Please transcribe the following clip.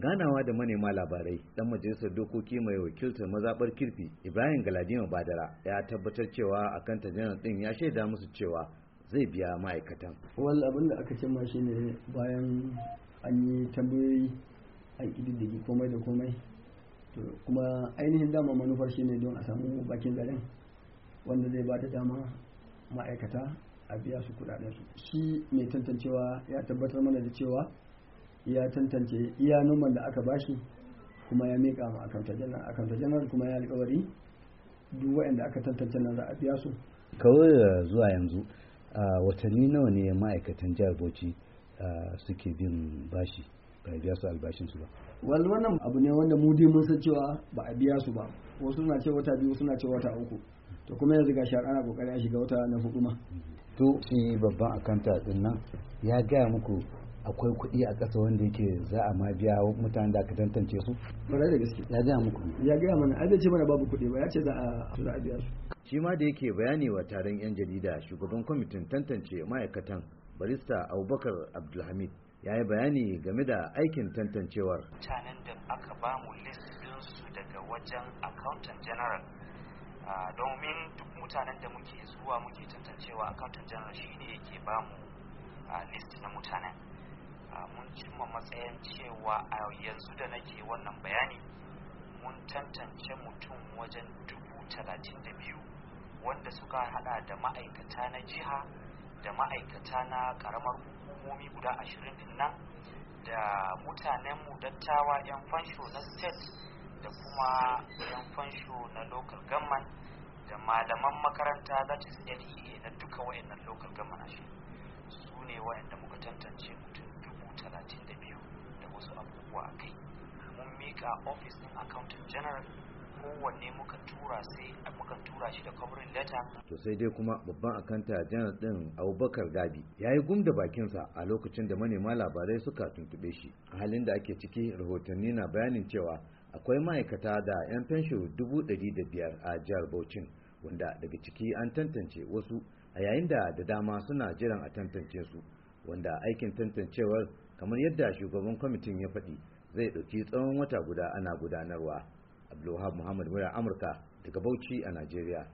ganawa da manema labarai dan majalisar dokoki mai wakiltar mazabar kirfi ibrahim galadima badara ya tabbatar cewa akan tajanar din ya shaida musu cewa zai biya ma'aikatan wal abin da aka cimma shine bayan an yi tambayoyi a kididdigi komai da komai kuma ainihin dama manufar shine don a samu bakin garin wanda zai ba dama ma'aikata a biya su kudaden su shi mai tantancewa ya tabbatar mana da cewa ya tantance iya noman da aka bashi kuma ya miƙa ma akanta janar akanta janar kuma ya alƙawari duk waɗanda aka tantance nan za a biya su kawai eh, zuwa yanzu a watanni nawa ne ma'aikatan jihar bauchi suke bin bashi ba biya su albashin su ba wal wannan abu ne wanda mu dai mun san cewa ba a biya su ba wasu suna ce wata biyu suna ce wata uku to kuma yanzu ga shar ana kokarin shiga wata na hukuma to shi babban akanta din nan ya gaya muku akwai kuɗi a ƙasa wanda yake za a ma biya mutanen da aka tantance su bare da gaske ya gaya muku ya gaya mana ai ce mana babu kuɗi ba ya ce za a za a biya su shi ma da yake bayani wa taron yan jarida shugaban kwamitin tantance ma'aikatan barista abubakar abdulhamid ya yi bayani game da aikin tantancewar mutanen da aka ba mu su daga wajen accountant general domin duk mutanen da muke zuwa muke tantancewa accountant general shi ne yake ba mu list na mutanen Ah, mun cimma matsayin cewa a yanzu da nake wannan bayani mun tantance mutum wajen dubu talatin da biyu wanda suka hada da ma'aikata na jiha da ma'aikata na karamar hukumomi guda ashirin din nan da mutanenmu dattawa 'yan fansho na state da kuma 'yan fansho na local government da malaman makaranta that is LEA na duka wayannan local government ashirin su ne wayanda muka tantance mutum ga ofis din accountant general kowanne muka tura sai muka tura shi da covering letter to sai dai kuma babban akanta janar din abubakar gabi ya yi gum da bakinsa a lokacin da manema labarai suka tuntube shi a halin da ake ciki rahotanni na bayanin cewa akwai ma'aikata da 'yan fensho dubu ɗari da biyar a jihar Bauchin wanda daga ciki an tantance wasu a yayin da da dama suna jiran a tantance su wanda aikin tantancewar kamar yadda shugaban kwamitin ya faɗi zai ɗauki tsawon wata guda ana gudanarwa abdulwahab muhammad mura amurka daga bauchi a najeriya